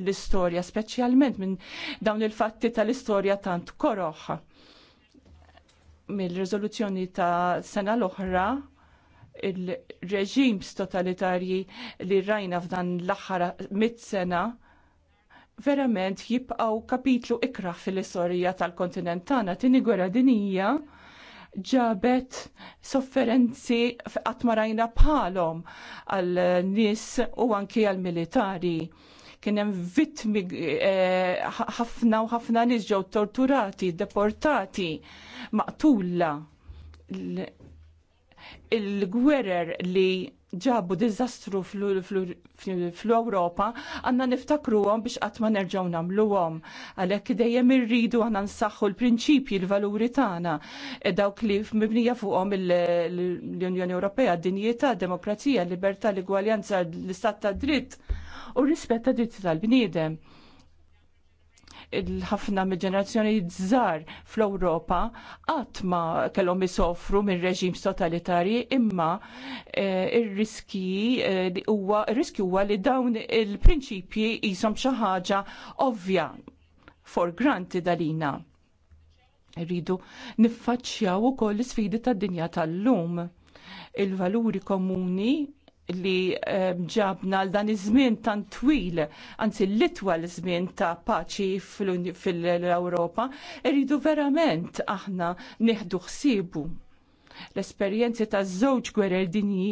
l-istorja, speċjalment minn dawn il-fatti tal-istorja tant koroħ. Mill-riżoluzzjoni ta' sena l-oħra, il-reġims totalitarji li rajna f'dan l-aħħar mit-sena verament jibqaw kapitlu ikra fil-istorija tal-kontinent tagħna tini gwerra dinija ġabet sofferenzi f'qatt ma rajna bħalhom għal nies u anki għal militari kien hemm vittmi eh, ħafna u ħafna nies ġew torturati, deportati, maqtula il-gwerer li ġabu dizastru fl-Europa għanna niftakru għom biex għatma nerġaw namlu għom. Għalek dejjem irridu għanna nsaxħu l-prinċipji, l-valuri tagħna e dawk li mibnija fuqhom l-Unjoni Ewropea, dinjeta, demokrazija, libertà, l-igwaljanza, l-istat ta' dritt u rispetta dritt tal-bniedem il-ħafna mill-ġenerazzjoni żgħar fl-Ewropa qatt ma kellhom isofru minn reġim totalitarji imma e, ir-riski e, huwa ir-riski huwa li dawn il-prinċipji qishom xi ħaġa ovvja for granted għalina. Rridu niffaċċjaw ukoll l-isfidi tad-dinja tal-lum il-valuri komuni li ehm, ġabna l dan iż-żmien tant twil, anzi l-itwal żmien ta' paċi fil-Ewropa, irridu verament aħna neħdu ħsiebu. L-esperjenzi ta' żewġ gwerer dinji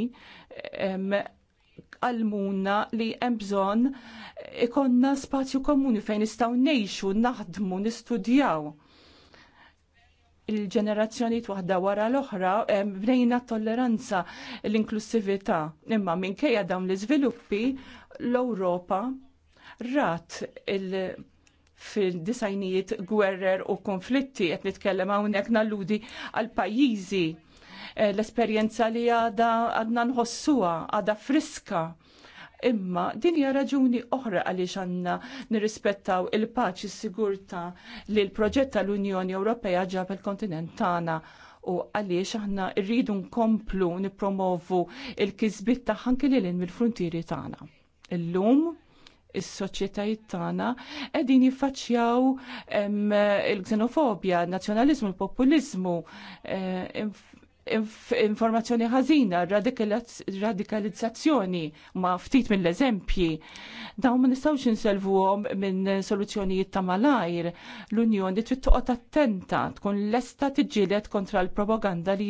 ehm, għalmuna li hemm bżonn ikonna spazju komuni fejn nistgħu ngħixu, naħdmu, nistudjaw il-ġenerazzjoni waħda wara l-oħra bnejna tolleranza l-inklusività. Imma minkejja dawn l-iżviluppi l-Ewropa rat il- fil-disajnijiet gwerrer u konflitti qed nitkellem hawnhekk nalludi għal pajjiżi eh, l-esperjenza li għadha għadna nħossuwa, għadha friska Imma din hija raġuni oħra għaliex għandna nirrispettaw il-paċi sigurta li l-proġett tal-Unjoni Ewropea ġab il-kontinent tagħna u għaliex aħna rridu nkomplu nippromovu il-kisbit tagħha li lin mill fruntieri tagħna. Illum is-soċjetajiet tagħna qegħdin jiffaċċjaw il-xenofobja, il-nazzjonaliżmu, il-populiżmu, eh, informazzjoni ħażina, radikalizzazzjoni ma ftit mill-eżempji. Dawn ma nistgħux inselvuhom minn soluzzjonijiet ta' malajr. L-Unjoni trid toqgħod attenta tkun lesta tiġġieled kontra l-propaganda li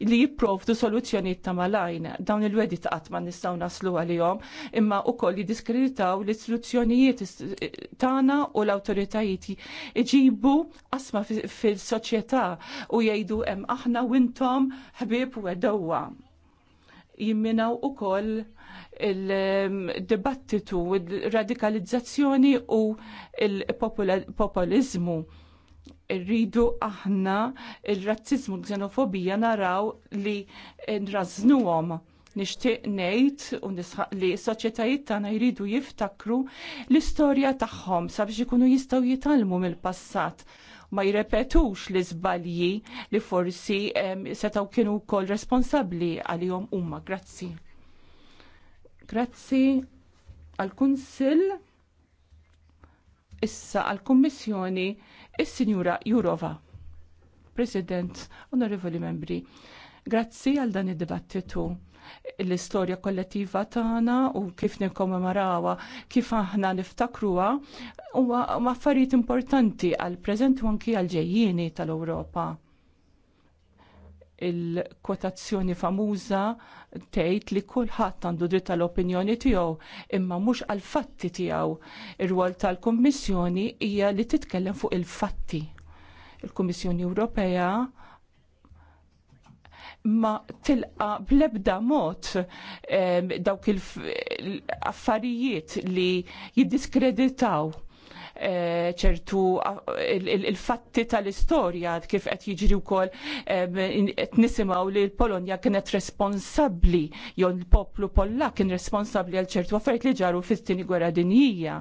jipprovdu soluzzjonijiet ta' malajr. Dawn il-wedi qatt ma nistgħu naslu għalihom, imma wkoll jiddiskreditaw l-istituzzjonijiet tagħna u l-awtoritajiet iġibu asma fil-soċjetà u jgħidu hemm aħna u intom magħhom ħbieb u edowa. Jimminaw ukoll il-dibattitu, il-radikalizzazzjoni u il-populizmu. rridu aħna il-razzizmu, l-xenofobija naraw li għom. nixtieq ngħid u li s-soċjetajiet tagħna jridu jiftakru l-istorja tagħhom sabiex ikunu jistgħu jitalmu mill-passat ma jirrepetux l iżbalji li forsi setaw kienu wkoll responsabbli għalihom huma. Grazzi. Grazzi għall-Kunsill issa għall-Kummissjoni is-Sinjura Jurova. President, onorevoli membri, grazzi għal dan id-dibattitu l-istorja kollettiva tagħna u kif nikkommemorawha, kif aħna niftakruha huwa affarijiet importanti għal preżent u anki għal ġejjieni tal-Ewropa. Il-kwotazzjoni famuża tgħid li kulħadd għandu dritt tal-opinjoni tiegħu imma mhux għal fatti tiegħu. Ir-rwol tal-Kummissjoni hija li titkellem fuq il-fatti. Il-Kummissjoni Ewropea ma tilqa blebda mod dawk il-affarijiet li jiddiskreditaw Eh, ċertu eh, il-fatti tal-istorja kif qed jiġri wkoll eh, qed nisimgħu li l-Polonja kienet responsabbli jew l-poplu Pollak kien responsabbli għal ċertu affarijiet li ġaru fit-tieni gwerra dinjija.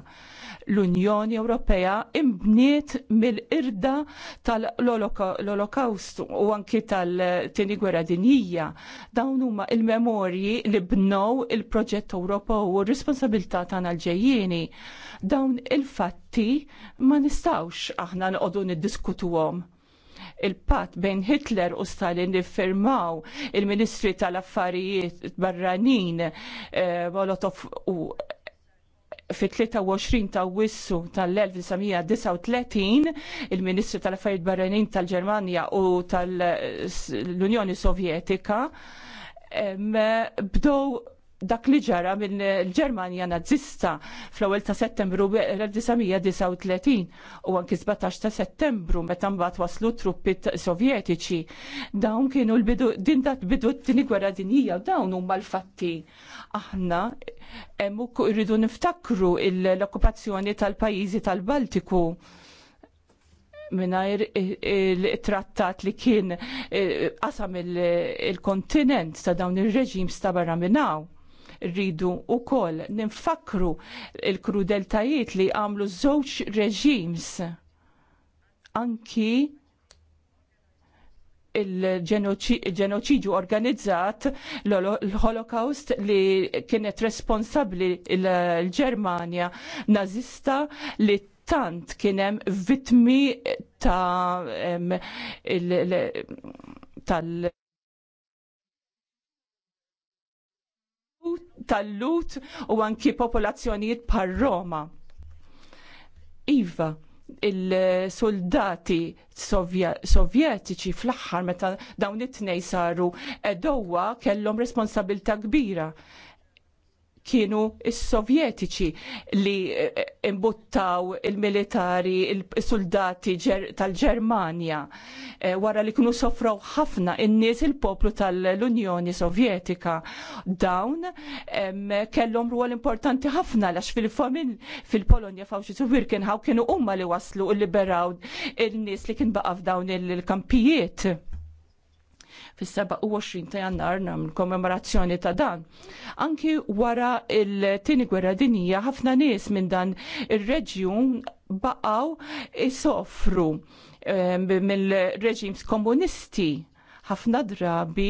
L-Unjoni Ewropea imbniet mill-irda tal-Olokawst u anki tal-tieni gwerra dinjija. Dawn huma il-memorji li bnow il-proġett Ewropa u r-responsabilità tagħna l-ġejjieni. Dawn il-fatti li ma nistawx aħna nqodu niddiskutuhom. Il-pat bejn Hitler u Stalin li firmaw il-Ministri tal-Affarijiet barranin eh, Molotov u fit-23 ta' wissu tal-1939 il-Ministri tal-Affarijiet Barranin tal-Ġermanja u tal-Unjoni Sovjetika bdow dak li ġara minn eh, ġermanja nazista fl-ewwel ta' Settembru 1939 u anki 17 ta' Settembru meta mbagħad waslu truppi sovjetiċi. Dawn kienu l-bidu din dat bidu t-tieni gwerra dinjija u dawn huma l-fatti. Aħna hemm rridu niftakru l-okkupazzjoni tal-pajjiżi tal-Baltiku minnajr il-trattat li kien eh, qasam il-kontinent ta' dawn ir reġim sta' barra minnaw rridu wkoll ninfakru l krudeltajiet li għamlu żewġ reġims anki il-ġenoċidju organizzat l-Holocaust li kienet responsabli l-Ġermania nazista li tant kienem vitmi ta' tal tal-lut u anki popolazzjonijiet par Roma. Iva, il-soldati sovjetiċi fl-axħar meta dawn it-tnej saru edowa kellhom responsabilta kbira kienu is-sovjetiċi li eh, eh, imbuttaw il-militari, il-soldati tal-Ġermanja eh, wara li kienu sofraw ħafna in-nies il-poplu tal-Unjoni Sovjetika. Dawn kellhom ruol importanti ħafna lax fil famil fil-Polonja fawxi Birkenhaw kienu huma li waslu il-liberaw il-nies li kien baqaf dawn il-kampijiet fis-27 ta' jannar nagħmlu kommemorazzjoni ta' dan. Anki wara il-tieni gwerra dinija ħafna nies minn dan ir-reġjun baqgħu isofru eh, mill-reġims komunisti ħafna drabi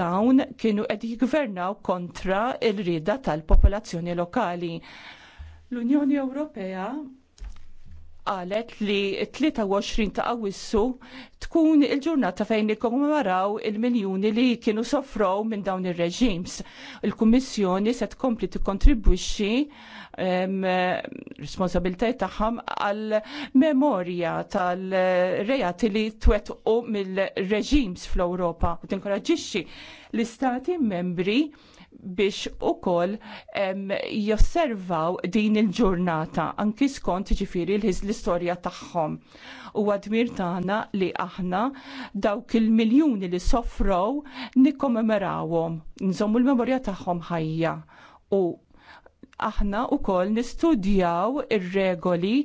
dawn kienu qed jiggvernaw kontra l rieda tal-popolazzjoni lokali. L-Unjoni Ewropea qalet li 23 ta' awissu tkun il-ġurnata fejn nikkommemoraw il-miljuni li kienu sofrow minn dawn ir-reġims. Il kummissjoni se tkompli tikkontribwixxi responsabiltajiet tagħhom għal memorja tal-rejati li twettqu mill-reġims fl-Ewropa u tinkoraġixxi l-istati membri biex ukoll josservaw din il-ġurnata anki skont ġifiri l-istorja tagħhom. U għadmir tagħna li aħna dawk il-miljuni li sofrow nikkommemorawhom, nżommu l-memorja tagħhom ħajja. U aħna u kol nistudjaw ir-regoli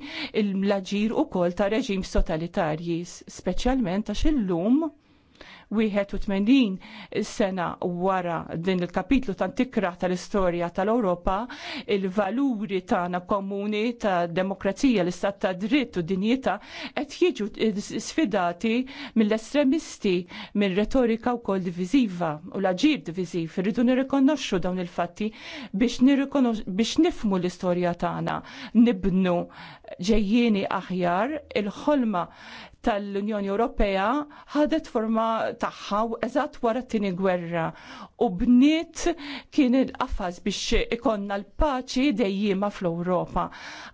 il-mlaġir u kol ta' reġim totalitarji, specialment għax illum. 81 sena wara din il-kapitlu tan tikra tal-istorja tal-Ewropa, il-valuri tagħna komuni ta' demokrazija, l-istat ta' dritt u dinjeta qed jiġu sfidati mill-estremisti minn retorika wkoll diviziva u l-aġir diviziv. Irridu nirrikonoxxu dawn il-fatti biex biex nifmu l-istorja tagħna, nibnu ġejjieni aħjar il-ħolma tal-Unjoni Ewropea ħadet forma tagħha eżatt wara t-tieni gwerra u bniet kien il-qafas biex ikonna l-paċi dejjima fl-Ewropa.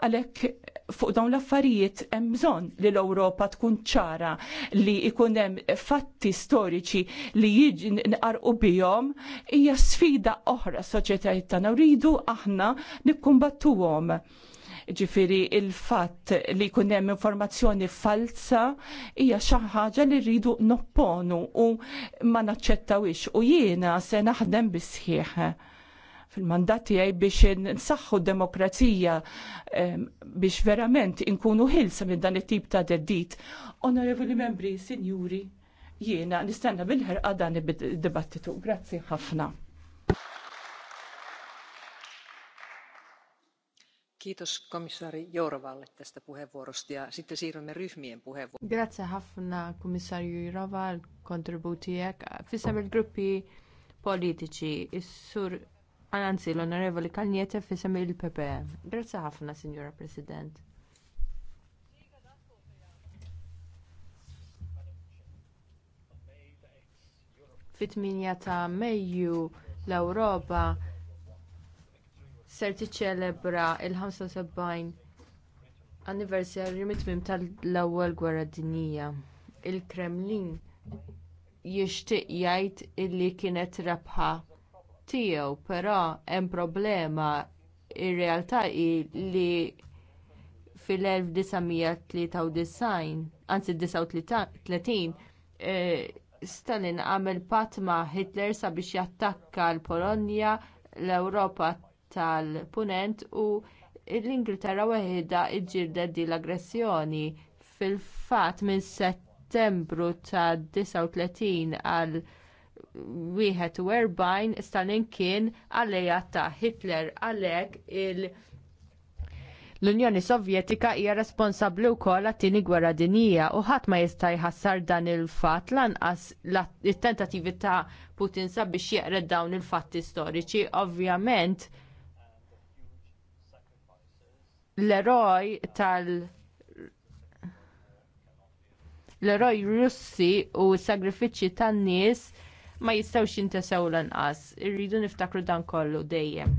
Għalhekk fuq dawn l-affarijiet hemm bżonn li l-Ewropa tkun ċara li jkun hemm fatti storiċi li jiġi nqarqu bihom hija sfida oħra s-soċjetajiet tagħna rridu aħna nikkumbattuhom. Ġifiri il-fatt li jkun hemm informazzjoni falsa hija xi ħaġa li rridu nopponu u ma naċċettawix u jiena se naħdem bisħieħ fil-mandat tiegħi biex nsaħħu demokrazija biex verament inkunu ħilsa minn dan it-tip ta' deddit. Onorevoli membri, sinjuri, jiena nistenna bil-ħerqa dan id-dibattitu. Grazzi ħafna. Kiitos komissaari Jourovalle tästä puheenvuorosta sitten siirrymme ryhmien puheenvuoroon. Grazie ħafna komissaarju Jourova kontributijak. Fissam il-gruppi politiċi, il sur anzi l-onorevoli Kalniete il-PPE. Grazie ħafna, Signora President. fit ta' Mejju l ser tiċċelebra il-75 anniversarju mit-tmiem tal-ewwel gwerra dinjija. Il-Kremlin jixtieq jgħid illi kienet rebħa tiegħu, però hemm problema ir-realtà hi li fil-1993, anzi 39, eh, Stalin għamel patt ma' Hitler sabiex jattakka l-Polonja, l-Ewropa tal-punent u l-Ingilterra waħida ġġieldet din l-aggressjoni fil-fatt minn settembru ta' 39 għal 41 Stalin kien għalleja ta' Hitler għalhekk l-Unjoni Sovjetika hija responsabbli wkoll għat-tieni gwerra dinjija u ħadd ma jista' jħassar dan il-fatt lanqas it-tentattivi ta' Putin sabiex jeqred dawn il-fatti storiċi. Ovvjament l-eroj tal- l-eroj russi u s-sagrifiċi tan-nies ma jistawx l anqas Irridu niftakru dan kollu dejjem.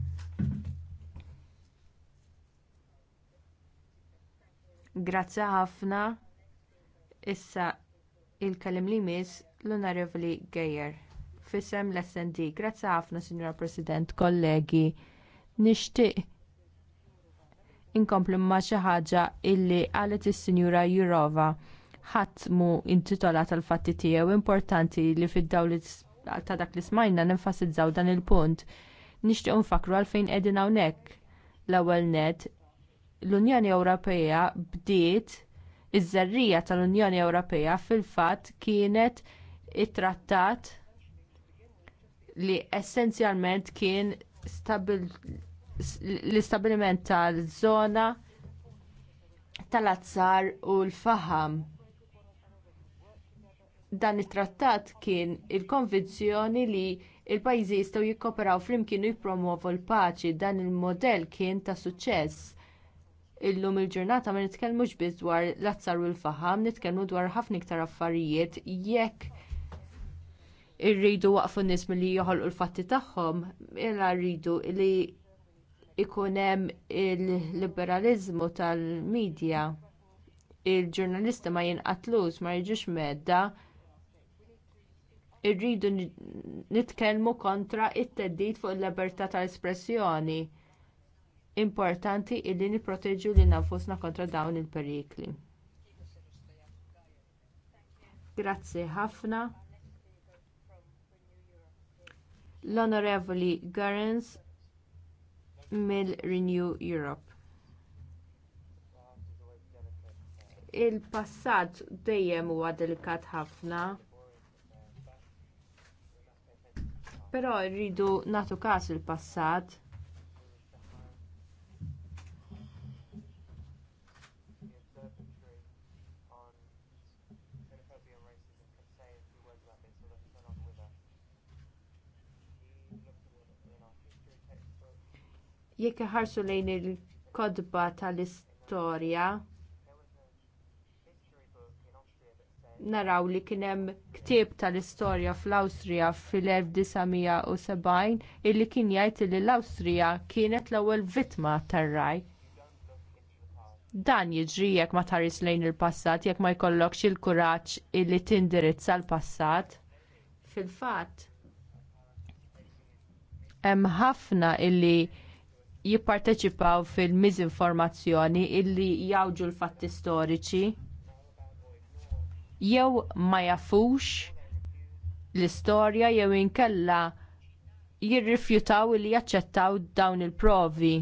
Grazzi ħafna. Issa il-kalim li mis l-Onorevoli Gejer. Fisem l-SND. Grazzi ħafna, Signora President, kollegi. Nishtiq inkomplu ma xi ħaġa illi qalet is-Sinjura Jurova ħadd mu intitola tal-fatti tiegħu importanti li fid-dawl ta' dak li smajna nenfasizzaw dan il-punt. Nixtieq nfakru għalfejn qegħdin hawnhekk. L-ewwel net l-Unjoni Ewropea bdiet iż-żerrija tal-Unjoni Ewropea fil-fatt kienet it-trattat li essenzjalment kien stabil l-istabiliment tal-żona tal-azzar u l-faham. Dan it-trattat kien il-konvinzjoni li l il pajjiżi jistgħu jikkoperaw flimkien u jippromovu l-paċi dan il-modell kien ta' suċċess. Illum il-ġurnata ma nitkellmux biss dwar l-azzar u l-faham, nitkellmu dwar ħafna iktar affarijiet jekk irridu waqfu n nies milli joħolqu l-fatti tagħhom, illa mela rridu li ikun hemm il-liberaliżmu tal-medja il-ġurnalisti ma jinqatlux ma jiġux medda irridu nitkellmu kontra t teddit fuq il-libertà tal-espressjoni. Importanti illi nipproteġu lil nafusna kontra dawn il-perikli. Grazzi ħafna. L-Onorevoli Gurens mill-Renew Europe. Il-passat dejjem huwa delikat ħafna. Però rridu nagħtu każ il-passat. Jekk ħarsu lejn il-kodba tal-istorja, naraw li kien hemm ktieb tal-istorja fl-Awstrija fil-1970 illi kien jgħid li l-Awstrija kienet l-ewwel vittma tar-raj. Dan jiġri jekk ma taris lejn il-passat jekk ma jkollokx il-kuraġġ illi tindirizza l-passat. Fil-fatt hemm ħafna illi jipparteċipaw fil-mizinformazzjoni illi jawġu l-fatti storiċi jew ma jafux l-istorja jew inkella jirrifjutaw li jaċċettaw dawn il-provi.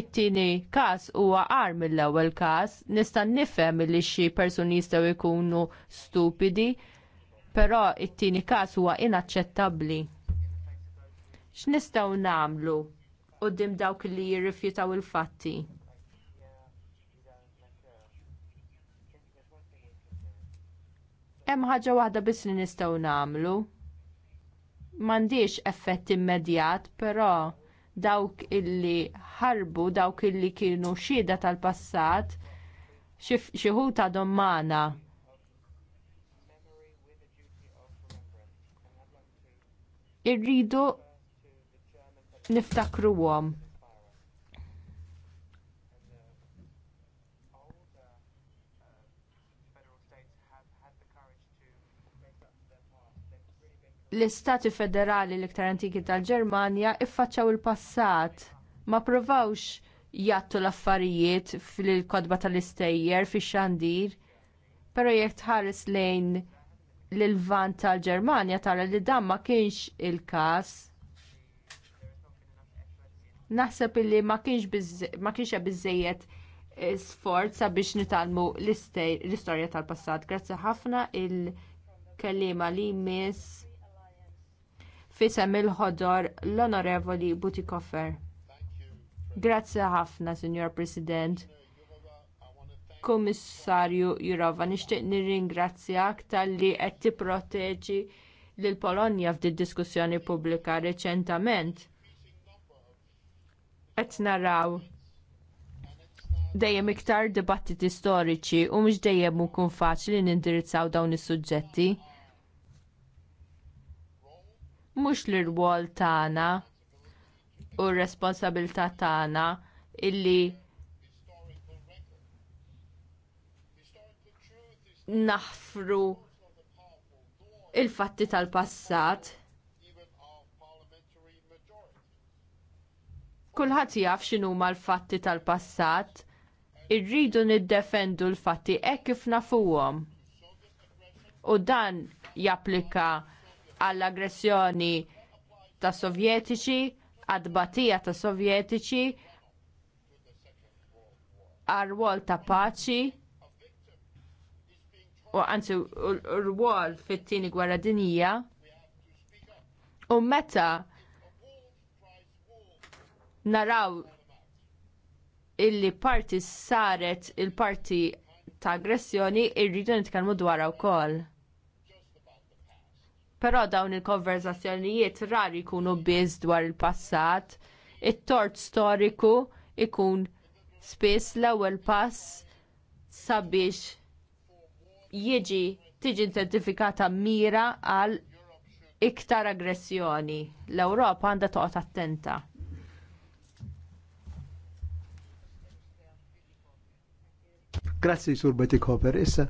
It-tieni każ huwa għar mill-ewwel każ, nista' nifhem li xi persuni jistgħu jkunu stupidi, però it-tieni każ huwa inaċċettabbli. X'nistgħu nagħmlu qoddim dawk li jirrifjutaw il-fatti. Hemm ħaġa waħda biss li nistgħu nagħmlu. M'għandix effett immedjat, però dawk illi ħarbu, dawk illi kienu xhieda tal-passat, xi ħut għadhom magħna irridu niftakruhom. l-istati federali l-iktar antiki tal-Ġermanja iffaċċaw il-passat. Ma provawx jattu l-affarijiet fil-kodba tal-istejjer fix xandir, però jekk tħares lejn l-vant tal-Ġermanja tara li dan ma kienx il-każ. Naħseb illi ma kienx biżejjed eh, sforza biex nitalmu l-istorja tal-passat. Grazzi ħafna il-kellima li miss fisem il-ħodor l-Onorevoli Butikoffer. Grazzi ħafna, Signor President. Kummissarju Jurova, nixtieq nirringrazzjak li qed tipproteġi lill Polonja f'din diskussjoni pubblika reċentament qed naraw dejjem iktar dibattiti storiċi u mhux dejjem ikun faċli nindirizzaw dawn is-suġġetti. Mhux l-irwol tagħna u r-responsabilità tagħna illi naħfru il-fatti tal-passat Kulħadd jaf x'inhuma l-fatti tal-passat, irridu niddefendu l-fatti hekk kif nafuhom. U dan japplika għall-aggressjoni ta' sovjetiċi, għad-batija ta' sovjetiċi, għal-rwol ta' paċi, u anzi r-rwol fit-tieni gwerra dinija. U meta naraw illi parti saret il-parti ta' aggressjoni irridu nitkellmu dwarha wkoll. Però dawn il-konverzazzjonijiet rari jkunu biss dwar il-passat, it-tort storiku ikun spiss l-ewwel pass sabiex jiġi tiġi identifikata mira għal iktar aggressjoni. L-Ewropa għandha toqgħod attenta. Grazzi sur Betty Cooper. Issa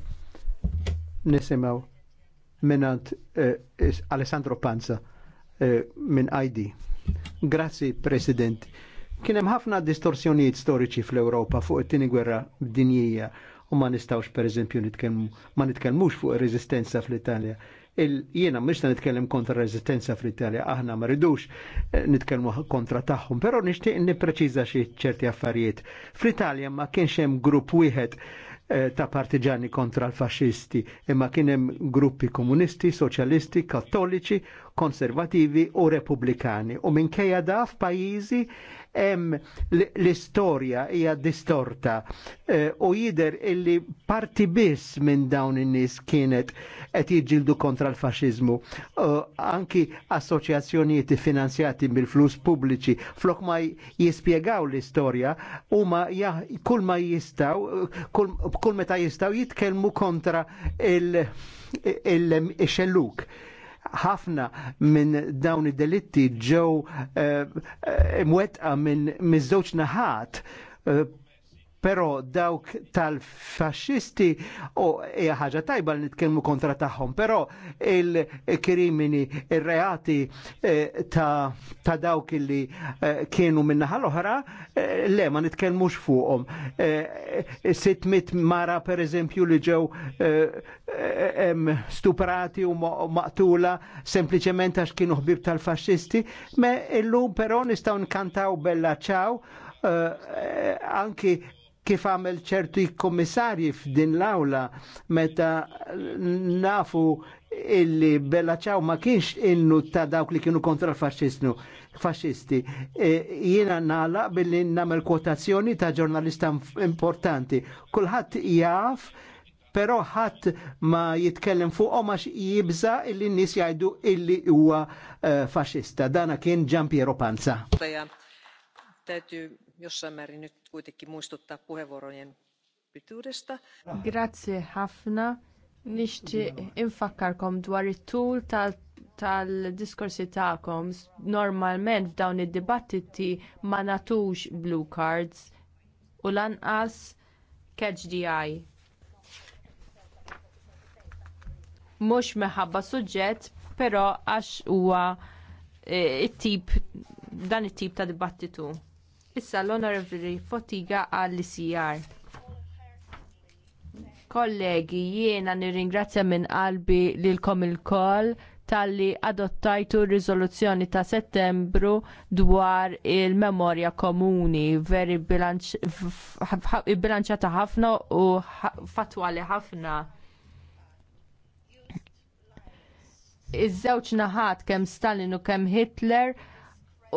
nisimaw minnant eh, Alessandro Panza eh, minn ID. Grazzi President. Kien hemm ħafna distorsjonijiet storiċi fl-Ewropa fuq it-tieni gwerra dinjija u ma nistawx pereżempju nitkellmu ma nitkellmux fuq ir-reżistenza fl-Italja jiena mhux ta' nitkellem kontra reżistenza fl-Italja, aħna ma ridux eh, nitkellmu kontra tagħhom, però nixtieq nippreċiża xi ċerti affarijiet. Fl-Italja ma kienx hemm grupp wieħed eh, ta' partiġani kontra l-faxisti, imma kien hemm gruppi komunisti, soċjalisti, kattoliċi, konservativi u repubblikani. U minkejja da f'pajjiżi hemm l-istorja hija distorta e, u jider illi parti biss minn dawn in-nies kienet qed jiġġieldu kontra l faxiżmu e, Anki assoċjazzjonijiet finanzjati mill-flus pubbliċi flok ma jispjegaw l-istorja huma kull ma jistaw kull meta jistaw jitkellmu kontra il-xelluk. il, il, il, il, il, il, ħafna minn dawn id-delitti ġew imwetqa eh, eh, minn miż-żewġ naħat eh, Pero dawk tal-fasċisti u hija ħaġa tajba li nitkellmu kontra tagħhom, però il-krimini, ir-reati eh, ta, dawk li eh, kienu minna l-oħra, eh, le ma nitkellmux fuqhom. 600 mara pereżempju li ġew stuprati u maqtula sempliċement għax kienu ħbib tal-fasċisti, me illum però nistgħu nkantaw bella ċaw anki kif għamel ċertu kommissarji f'din l-awla meta nafu illi Bella ċaw ma kienx innu ta' dawk li kienu kontra l-fasċistnu fasċisti. E, jiena nala billi namel kwotazzjoni ta' ġurnalista importanti. Kulħadd jaf pero ħadd ma jitkellem fuq ma' jibza illi nis jgħidu illi huwa uh, e, faxista. Dana kien Gian Piero Panza. Grazie ħafna. Nixtieq infakkarkom dwar it-tul tal-diskorsi ta tagħkom. Normalment f'dawn id-dibattiti ma natux blue cards u lanqas catch the eye. Mhux meħabba suġġett, però għax huwa eh, it-tip dan it-tip ta' dibattitu. Issa l-Honorable Fotiga għall-ICR. Kollegi, jiena nirringrazzja minn qalbi lilkom il-koll talli adottajtu r-riżoluzzjoni ta' settembru dwar il-memorja komuni veri bilanċata ħafna u fatwali ħafna. Iż-żewġ naħat kemm Stalin u kemm Hitler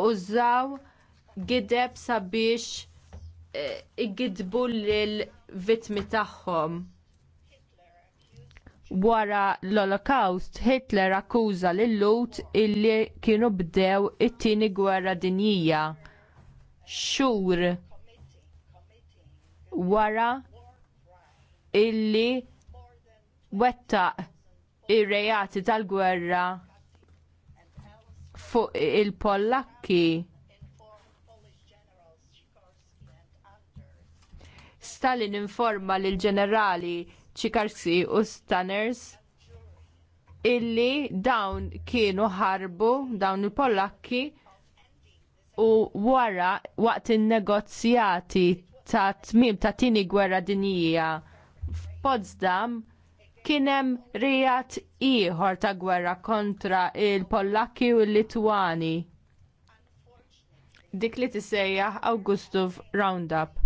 użaw gideb sabiex eh, igidbu l-vitmi tagħhom. Wara l-Holocaust, Hitler akkuża l-lut illi kienu bdew it-tieni gwerra dinjija. Xhur wara illi wettaq ir-rejati tal-gwerra fuq il-Pollakki Stalin informa lil ġenerali Ċikarsi u Stanners illi dawn kienu ħarbu dawn il-Pollakki u wara waqt in-negozjati ta' tmim ta' tini gwerra dinjija f'Potsdam kien hemm rijat ieħor ta' gwerra kontra il-Pollakki u l-Litwani. Dik li tissejjaħ Augustov Roundup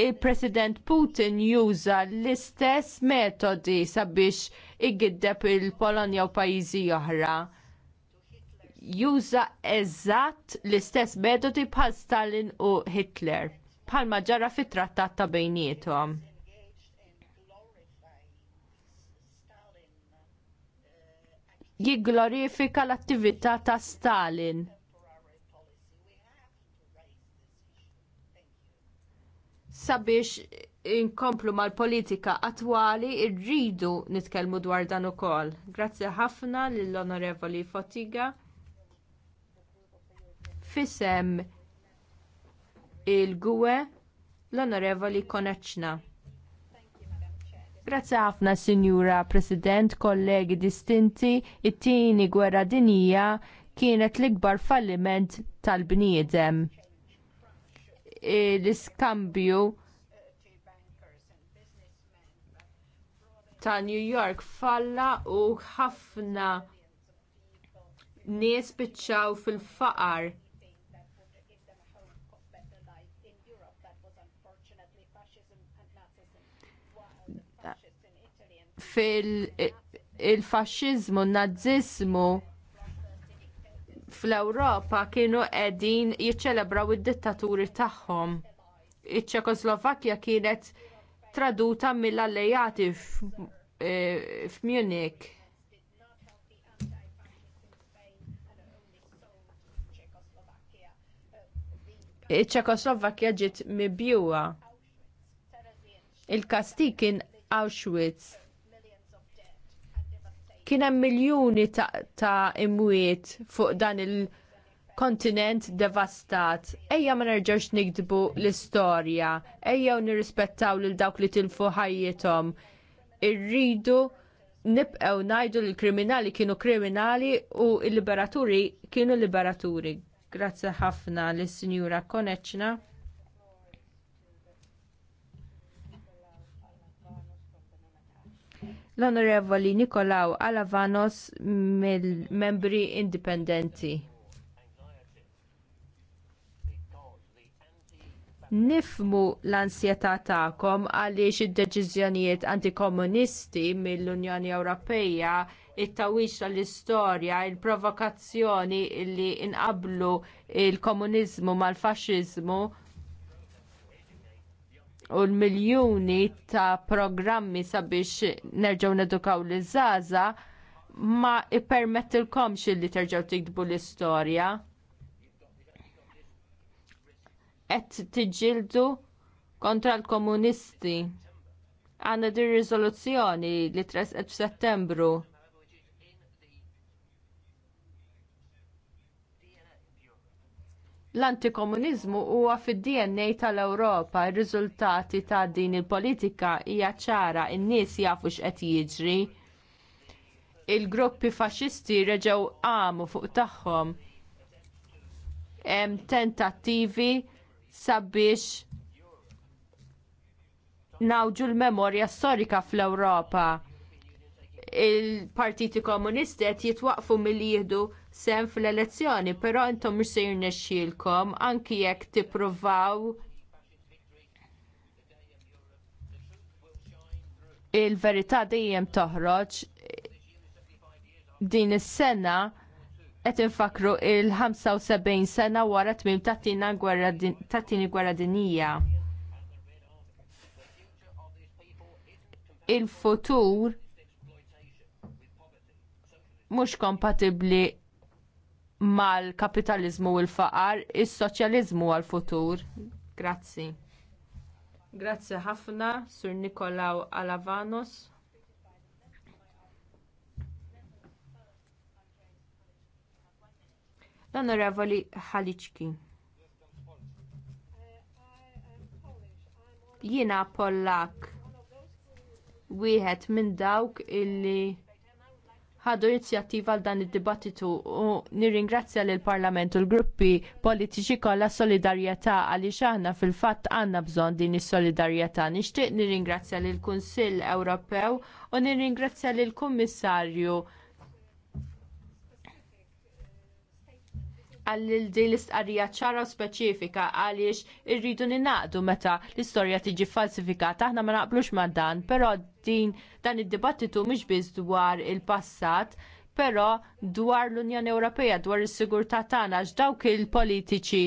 il-President Putin juża l-istess metodi sabiex igiddeb il-Polonja u pajjiżi oħra. Juża eżatt l-istess metodi bħal Stalin u Hitler, bħalma ġara fit-trattat ta' bejniethom. Jigglorifika l-attività ta' Stalin sabiex inkomplu mal-politika attwali rridu nitkellmu dwar dan ukoll. Grazzi ħafna lill-Onorevoli Fotiga. Fisem il-gwe l-Onorevoli Koneċna. Grazzi ħafna, Sinjura President, kollegi distinti, it-tieni gwerra dinija kienet l-ikbar falliment tal-bniedem l-iskambju ta' New York falla u ħafna nies spiċċaw fil-faqar. fil-fasċizmu, nazizmu fl-Ewropa kienu qegħdin jiċċelebraw id-dittaturi tagħhom. Iċ-Ċekoslovakkja kienet traduta mill-allejati eh, f'Munich. Iċ-Ċekoslovakkja ġiet mibjuwa. Il-kastik kien Auschwitz Kien hemm miljuni ta', ta imwiet fuq dan il-kontinent devastat. Ejja ma nerġax nikdbu l-istorja, ejja nirrispettaw lil dawk li tilfu ħajjithom. Irridu nibqgħu ngħidu l-kriminali kienu kriminali u l-liberaturi kienu liberaturi. Grazzi ħafna lis sinjura Koneċna. L-Onorevoli Nikolaw Alavanos mill-membri indipendenti. nifmu l-ansjetà tagħkom għaliex id-deċiżjonijiet antikomunisti mill-Unjoni Ewropea it-tawix tal-istorja, il-provokazzjoni li inqabblu l komuniżmu mal-faxxiżmu u l-miljuni ta' programmi sabiex nerġgħu nedukaw l żaza ma ippermettilkomx li terġgħu tikdbu l-istorja. Qed tiġildu kontra l-komunisti. Għandna dir riżoluzzjoni li tresqet f'Settembru L-antikomuniżmu huwa fid-DNA tal-Ewropa, r riżultati ta' din il-politika hija ċara, in-nies jafu x'qed jiġri. Il-gruppi faxxisti reġgħu għamu fuq tagħhom hemm tentattivi sabiex nawġu l-memorja storika fl-Ewropa. Il-Partiti Komunisti qed jitwaqfu mill jieħdu sem fl elezzjoni però intom mhux se jirnexxielkom anki jekk tippruvaw il-verità dejjem toħroġ din is-sena qed infakru il-75 sena wara tmiem tat-tieni gwerra tat dinija. il-futur mhux kompatibbli mal-kapitalizmu u l-faqar, is-soċjaliżmu għal-futur. Grazzi. Grazzi ħafna, Sur Nikolaw Alavanos. L-Onorevoli Ħaliċki. Jiena Pollak. Wieħed minn dawk illi ħadu inizjattiva għal dan id-dibattitu u nirringrazzja lill parlament u l-gruppi politiċi kollha solidarjetà għaliex aħna fil-fatt għandna bżonn din is-solidarjetà. Nixtieq nirringrazzja lill kunsill Ewropew u nirringrazzja lill kummissarju għallil din l-istqarrija ċara u speċifika għaliex irridu ninaqdu meta l-istorja tiġi falsifikata. Aħna ma naqblux ma dan, però din dan id-dibattitu mhix biss dwar il-passat, però dwar l-Unjoni Ewropea, dwar is-sigurtà tagħna x'dawk il-politiċi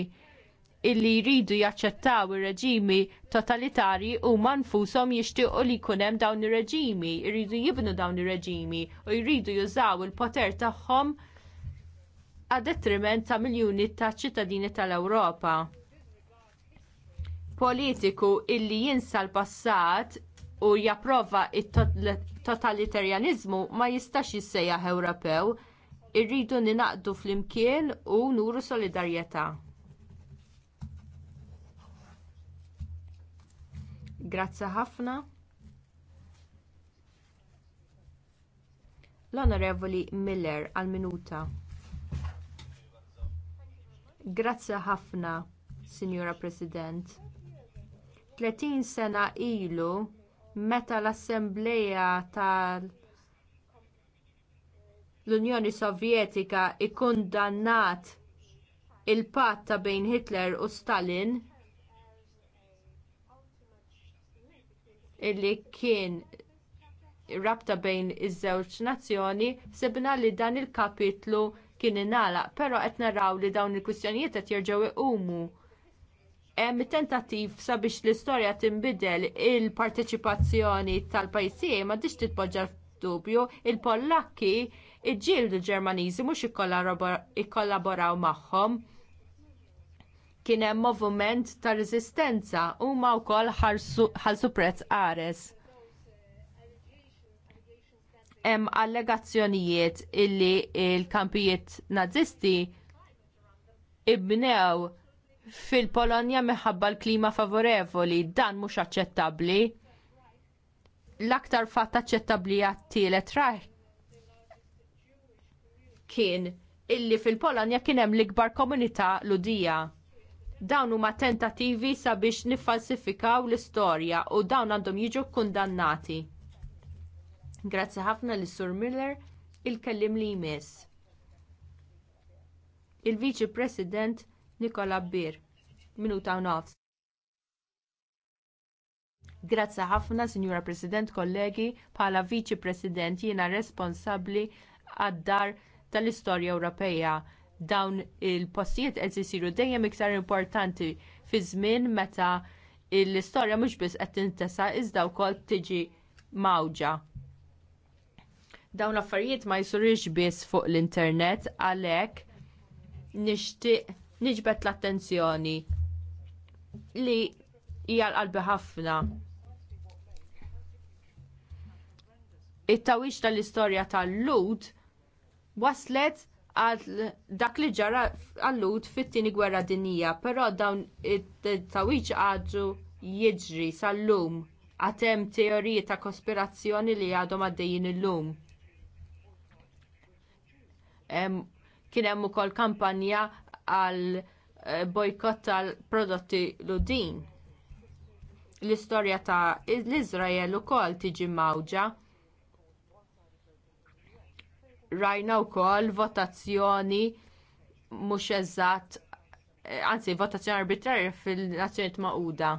illi jridu jaċċettaw ir-reġimi totalitarji huma nfushom jixtiequ li jkun hemm dawn ir-reġimi, jridu jibnu dawn ir-reġimi u jridu jużaw il-poter tagħhom għad detriment ta' miljuni ta' ċittadini tal-Ewropa. Politiku illi jinsa l-passat u japprova t totalitarjaniżmu ma jistax jissejjaħ Ewropew, irridu ninaqdu flimkien u nuru solidarjetà. Grazzi ħafna. L-Onorevoli Miller għal minuta. Grazzi ħafna, Signora President. 30 sena ilu meta l-Assembleja tal- l-Unjoni Sovjetika kkundannat il-patt ta' bejn Hitler u Stalin illi kien rabta bejn iż-żewġ nazzjoni, sibna li dan il-kapitlu kien ingħalaq, però qed naraw li dawn il-kwistjonijiet qed jerġgħu iqumu. Hemm tentattiv sabiex l-istorja tinbidel il-parteċipazzjoni tal-pajjiżi m'għadix titpoġġa f'dubju il-Pollakki iġġieldu l-Ġermaniżi mhux ikkollaboraw magħhom kien hemm moviment ta' riżistenza huma wkoll ħallsu prezz qares hemm allegazzjonijiet illi l kampijiet nazisti ibnew fil-Polonja minħabba l-klima favorevoli, dan mhux aċċettabbli. L-aktar fatt aċċettabbli għat-tielet kien illi fil-Polonja kien hemm l-ikbar komunità ludija. Dawn huma tentattivi sabiex niffalsifikaw l-istorja u dawn għandhom jiġu kkundannati. Grazzi ħafna li sur Miller il-kellim li jmiss. Il-Viċi President Nikola Bir, minuta u nofs. Grazzi ħafna, Sinjura President, kollegi, bħala Viċi President jiena responsabbli għad-dar tal-istorja Ewropea. Dawn il-postijiet qed isiru dejjem iktar importanti fi żmien meta l-istorja mhux biss qed tintesa' iżda wkoll tiġi mawġa. Dawn l-affarijiet ma jsurix biss fuq l-internet għalhekk nixtieq niġbed l-attenzjoni li hija l-qalbi ħafna. It-tawix tal-istorja tal-lud waslet għal dak li ġara għall-lud fit-tieni gwerra dinija, però dawn it-tawiċ għadu jiġri sal-lum għatem teoriji ta' kospirazzjoni li għadhom għaddejjin illum kien hemm ukoll kampanja għal eh, bojkott tal prodotti ludin. L-istorja ta' l-Izrael ukoll tiġi mawġa. Rajna wkoll votazzjoni mhux eżatt, eh, anzi votazzjoni arbitrarja fil-Nazzjonijiet Magħquda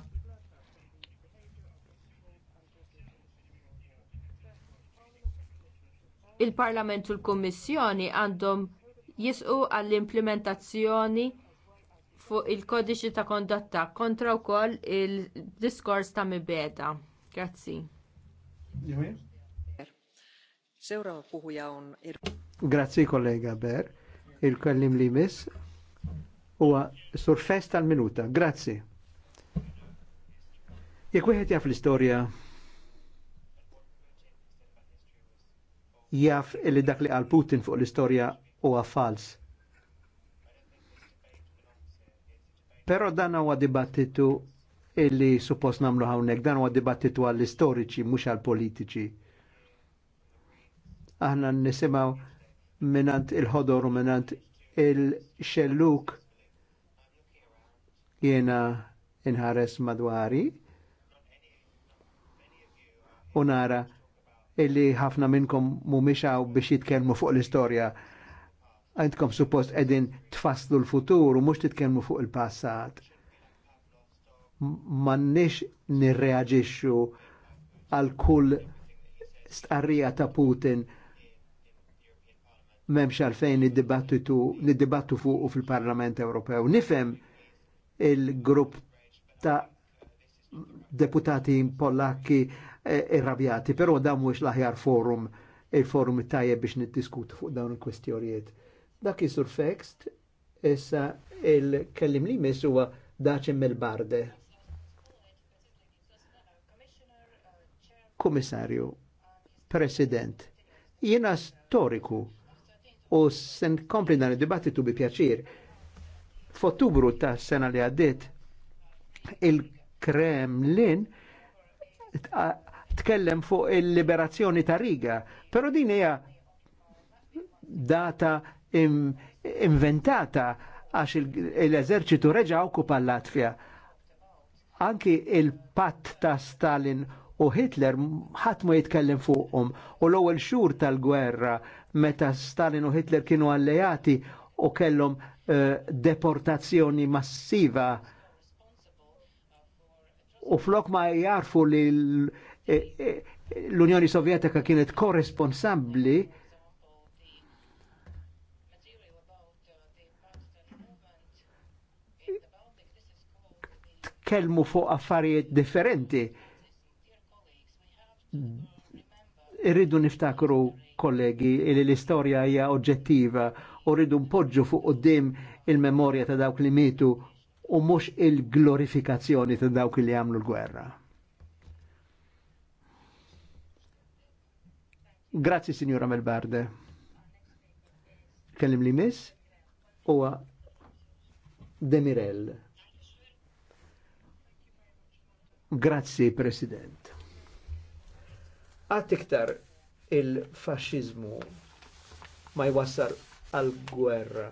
il-Parlament u l-Kummissjoni għandhom jisqu għall-implementazzjoni fuq il-kodiċi ta' kondotta kontra wkoll il-diskors ta' mibeda. Grazzi. Grazzi kollega Ber, il-kellim li miss huwa surfest tal-minuta. Grazzi. Jekk wieħed jaf l-istorja jaf li dak li għal Putin fuq l-istorja huwa fals. Pero dan huwa dibattitu illi suppost namlu hawnhekk, dan huwa dibattitu għall istoriċi mhux għall politiċi. Aħna nisimgħu minant il-ħodor u minant il-xelluk jena inħares madwari u nara illi ħafna minnkom mumiex għaw biex jitkellmu fuq l-istorja. Għandkom suppost edin tfasslu l-futur u mux titkellmu fuq il-passat. Mannix nirreagġixxu għal kull stqarrija ta' Putin memx għalfejn nid-dibattu fuq fil-Parlament Ewropew. Nifem il-grupp ta' deputati Polakki. Eh, irrabjati, però dan mhux l-aħjar forum il-forum tajjeb biex niddiskutu fuq dawn il-kwestjonijiet. Dak isur fekst, issa il-kellim li mis huwa daċim mill barde Komissarju, President, jiena storiku u sen kompli dan il-dibattitu bi pjaċir. F'Ottubru ta' sena li għaddit, il-Kremlin tkellem fuq il-liberazzjoni ta' Riga, pero din hija data im inventata għax l-eżerċitu reġa okkupa l-Latvja. Anki il-patt ta' Stalin u Hitler ħadd ma jitkellem fuqhom u l-ewwel xhur tal-gwerra meta Stalin u Hitler kienu alleati u kellhom uh, deportazzjoni massiva u flok ma jarfu li E, e, l-Unjoni Sovjetika kienet korresponsabli kelmu fuq affarijiet differenti. Irridu niftakru kollegi li l-istorja hija oġġettiva u rridu npoġġu fuq qudiem il-memorja ta' dawk li mitu u mhux il-glorifikazzjoni ta' dawk li għamlu l-gwerra. Grazzi, Signora Melbarde. Kellim li miss u Demirel. Grazzi, President. Għat iktar il-fasċizmu ma jwassar għal-gwerra.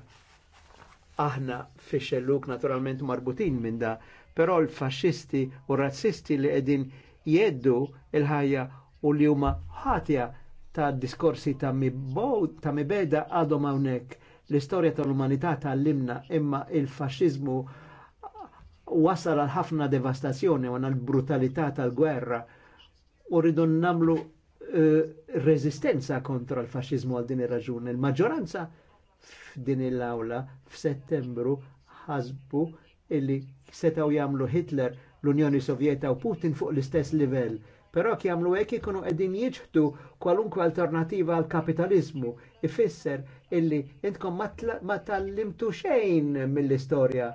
Aħna fi naturalment marbutin minn da, però l-fasċisti u razzisti li edin jeddu il-ħajja u li huma ħatja ta' diskorsi ta' ta' mibeda għadhom hawnhekk. L-istorja tal-umanità tal-limna imma il-faxxiżmu wasal għal ħafna devastazzjoni u għal brutalità tal-gwerra u rridu namlu uh, rezistenza kontra l-faxxiżmu għal din ir-raġuni. Il-maġġoranza f'din il-awla f'Settembru ħasbu illi setaw jagħmlu Hitler l-Unjoni Sovjeta u Putin fuq l-istess livell però jagħmlu hekk ikunu qegħdin jiġħdu kwalunkwe alternattiva għal kapitalizmu ifisser illi intkom ma tallimtu xejn mill-istorja.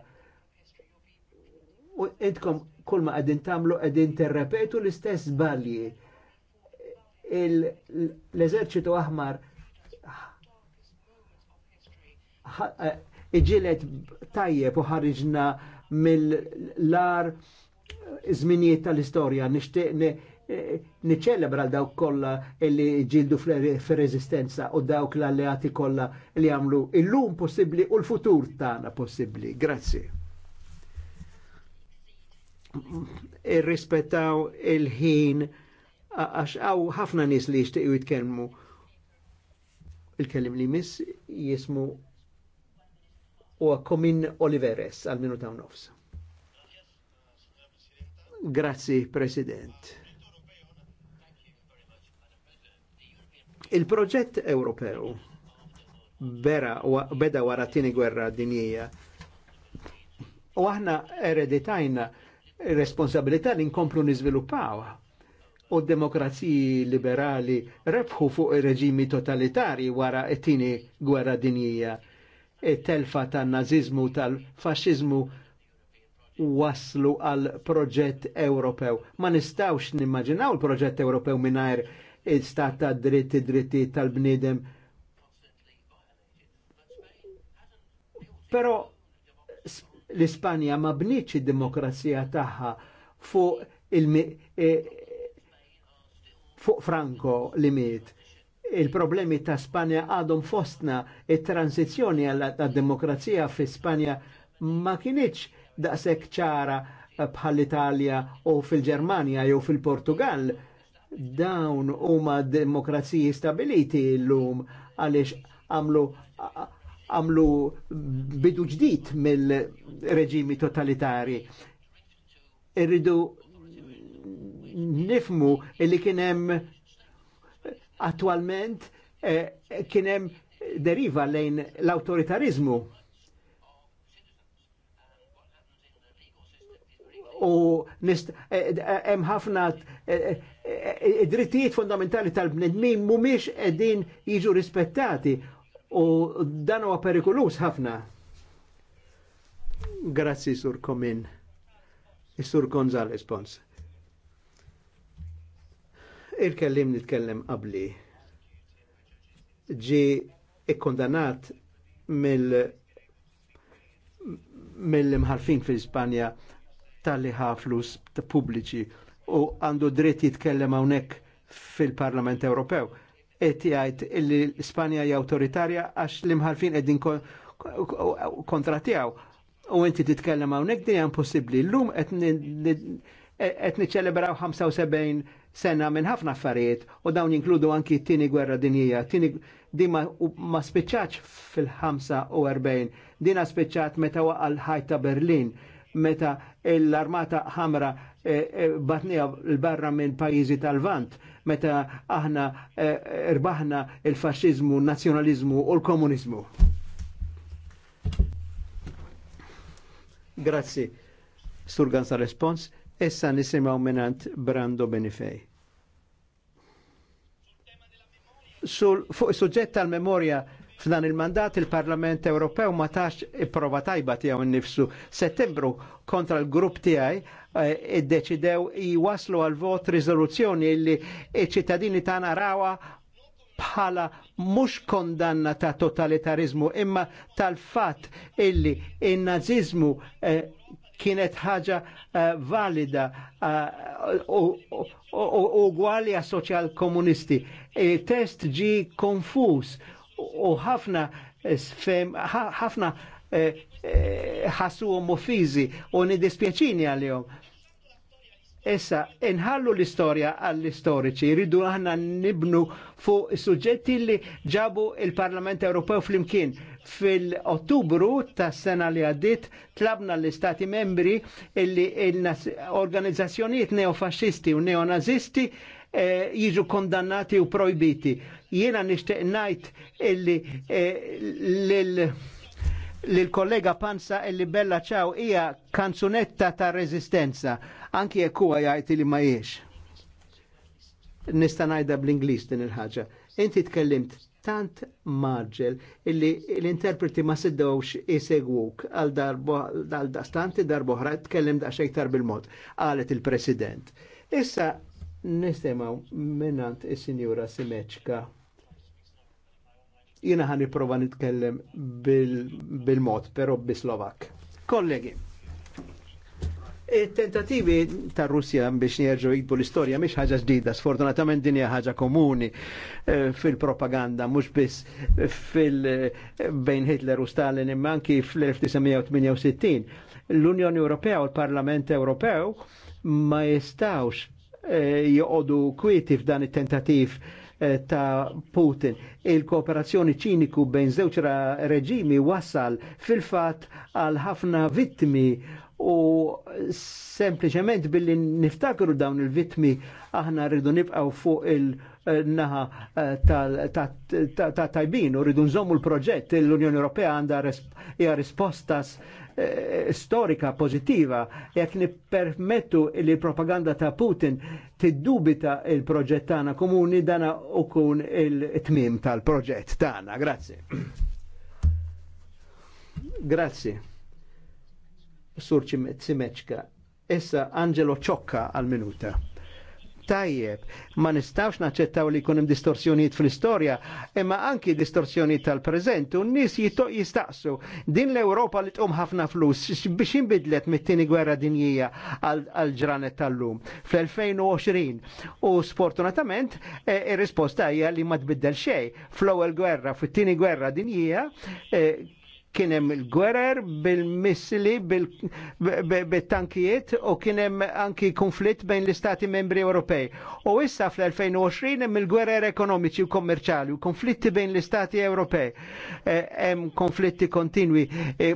U intkom kull ma qegħdin tagħmlu qegħdin terrepetu l-istess balji. L-eżerċitu aħmar iġilet tajjeb u ħarġna mill-lar zminijiet eh, tal-istorja, nishtiq niċċelebra l dawk kolla illi ġildu fir rezistenza u dawk l-alleati kollha li għamlu illum possibbli u l-futur tagħna possibbli. Grazzi. Irrispettaw il-ħin għax għaw ħafna nies li jixtiequ jitkellmu il-kellim li miss jismu u Komin Oliveres għal-minuta nofs. Grazzi, President. Il-proġett Ewropew bera beda wara t-tieni gwerra dinjija u aħna ereditajna responsabilità li nkomplu niżviluppaw u demokraziji liberali rebħu fuq reġimi totalitari wara t-tieni gwerra dinjija. It-telfa tan-naziżmu tal-faxxiżmu waslu għal proġett Ewropew. Ma nistawx nimmaġinaw il-proġett Ewropew mingħajr il-stat ta' dritti dritti tal-bnidem. Pero l-Ispanja ma bniċ id-demokrazija tagħha fuq il e- fuq Franco li miet. Il-problemi ta' Spanja għadhom fostna it-transizjoni għal demokrazija fi Spanja ma kienieċ daqshekk ċara bħall-Italja u fil-Ġermanja jew fil-Portugal. fil fil ġermanja jew fil portugal dawn huma demokraziji stabiliti l-lum għalix għamlu għamlu bidu ġdid mill-reġimi totalitari. Irridu nifmu illi kienem attualment eh, kienem deriva lejn l-autoritarizmu. U nist, eh, eh, hemm ħafna id-drittijiet fundamentali tal-bnedmin mumiex edin jiġu rispettati u dan huwa perikolus ħafna. Grazzi Sur Komin, Sur Gonzalez Espons. Il-kellim nitkellem qabli ġi ikkondanat mill mill-imħalfin fil-Ispanja tal-li ħaflus pubbliċi u għandu dritt jitkellem hawnhekk fil-Parlament Ewropew. Qed jgħid li l-Ispanja hija awtoritarja għax l-imħalfin qegħdin kontra tiegħu. U inti titkellem hawnhekk din hemm possibbli. Llum qed niċċelebraw 75 sena minn ħafna affarijiet u dawn jinkludu anki t-tieni gwerra dinjija, Tini dima ma spiċċaċ fil-45, dina spiċċat meta waqal ħajta Berlin meta l-armata ħamra eh, eh, batnija l-barra minn pajizi tal-vant, meta aħna eh, rbaħna il-fasċizmu, nazjonalizmu u l-komunizmu. Grazzi, Sturgan sa' respons, essa nisimaw minant Brando Benifej. Sul, fuq il suġġett tal-memoria F'dan il-mandat il-Parlament Ewropew ma tax prova tajba tiegħu nnifsu. Settembru kontra l-grupp tiegħi eh, iddeċidew jwaslu għal vot riżoluzzjoni li iċ ċittadini tagħna rawa bħala mhux kondanna ta' totalitarizmu imma tal-fatt illi in-naziżmu eh, kienet ħaġa eh, valida u ugwali għas soċjal komunisti. Test ġi konfus u ħafna sfem, ħafna eh, eh, ħassuhom offiżi u nidispjaċini jom Issa, inħallu l-istoria għall-istoriċi, rridu għanna nibnu fuq suġġetti li ġabu il-Parlament Ewropew fl-imkien. Fil-Ottubru tas sena li għaddit tlabna l-Istati membri illi il organizzazzjoniet neofasċisti u neonazisti eh, jiġu kondannati u projbiti Jiena nixtieq najt illi eh, lil l-kollega Pansa illi Bella ċaw hija kanzunetta ta' rezistenza, anki jekk huwa jgħid li ma jiex. Nista' ngħidha bl-Ingliż din il-ħaġa. Inti tkellimt tant marġel illi l-interpreti ma siddewx isegwuk għal għal darbostanti darboħra tkellimt għax iktar bil-mod, qalet il-President. Issa nistemaw minnant is-Sinjura Simeċka. Jina ħan niprofa nitkellem bil-mod, bil pero bislovak. Kollegi, Il-tentativi ta' Russja biex nerġu jikbu l-istoria miex ħaġa ġdida, sfortunatament din hija ħaġa komuni eh, fil-propaganda, mhux biss fil-bejn Hitler u Stalin imma anki fl-1968. L-Unjoni Ewropea u l-Parlament Ewropew ma jistawx eh, joqogħdu kwieti f'dan it-tentativ ta' Putin. Il-kooperazzjoni ċiniku bejn żewġ reġimi wassal fil-fat għal ħafna vittmi u sempliciment billi niftakru dawn il vittmi aħna rridu nibqaw fuq il-naħa ta' tajbin u rridu nżommu l-proġett l-Unjoni Ewropea għandha hija rispostas Eh, storika pozittiva jekk nippermettu li l-propaganda ta' Putin tiddubita il-proġett tagħna komuni dana ukun il-tmim tal-proġett tagħna. Grazzi. Grazzi. Sur Simeċka. Issa Angelo Ciocca għal minuta tajjeb. Ma nistawx naċċettaw li jkun hemm distorsjonijiet fl-istorja, imma anki distorsjonijiet tal prezent u n-nies jistaqsu din l-Ewropa li tqum ħafna flus biex inbidlet mit-tieni gwerra dinjija għal ġranet tal-lum fl-2020. U sfortunatament ir-risposta e, hija li ma tbiddel xejn. Fl-ewwel gwerra, fit-tieni gwerra dinjija, e, kien hemm il-gwerer bil-missili bil-tankijiet u kien hemm anki konflitt bejn l-istati membri Ewropej. U issa fl-2020 hemm il-gwerer ekonomiċi u kommerċali u konflitti bejn l-istati Ewropej. E, hemm konflitti kontinwi e,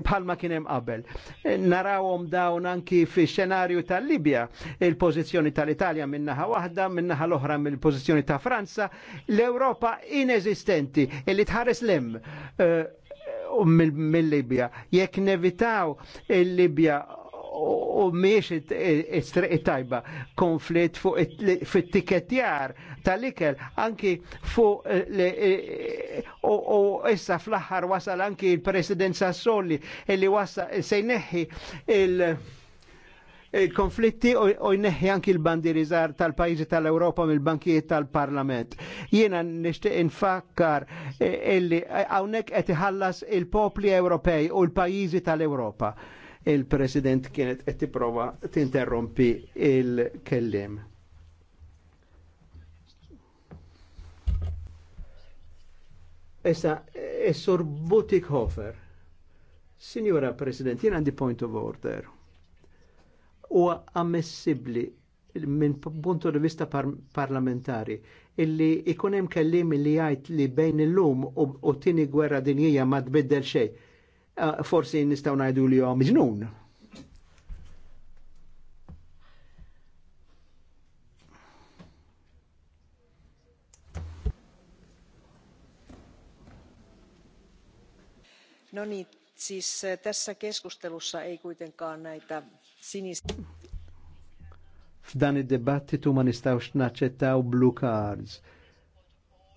bħalma kien hemm qabel. E, narawhom dawn anki fi xenarju tal-Libja, il-pożizzjoni tal-Italja minnaħa waħda, minnaħa l-oħra mill-pożizzjoni ta' Franza, l-Ewropa inesistenti, li tħares lem. Uh, mill-Libja. Jekk nevitaw il-Libja u miex it-tajba konflitt fuq it tiketjar tal-ikel anki fuq u issa fl axar wasal anki il-President Sassoli illi wasal sejneħi il-, il il-konflitti u jneħi anki il bandirizar tal pajzi tal-Europa mill-bankijiet tal-Parlament. Jiena nishtiq infakkar e, illi hawnhekk qed iħallas il-popli Ewropej u l-pajjiżi tal-Europa. Il-President kienet qed tipprova tinterrompi il-kellim. Issa, is-sur e, Butikhofer. Signora President, jien għandi point of order u ammessibli minn punto di vista par parlamentari illi ikun hemm kellim li jgħid li bejn illum u tini gwerra dinjija ma tbiddel Uh, Forsi nistgħu ngħidu li huwa miġnun. no niin siis eh, tässä keskustelussa ei kuitenkaan näitä sinistra. F'dan id debattitu ma nistawx naċċettaw blue cards.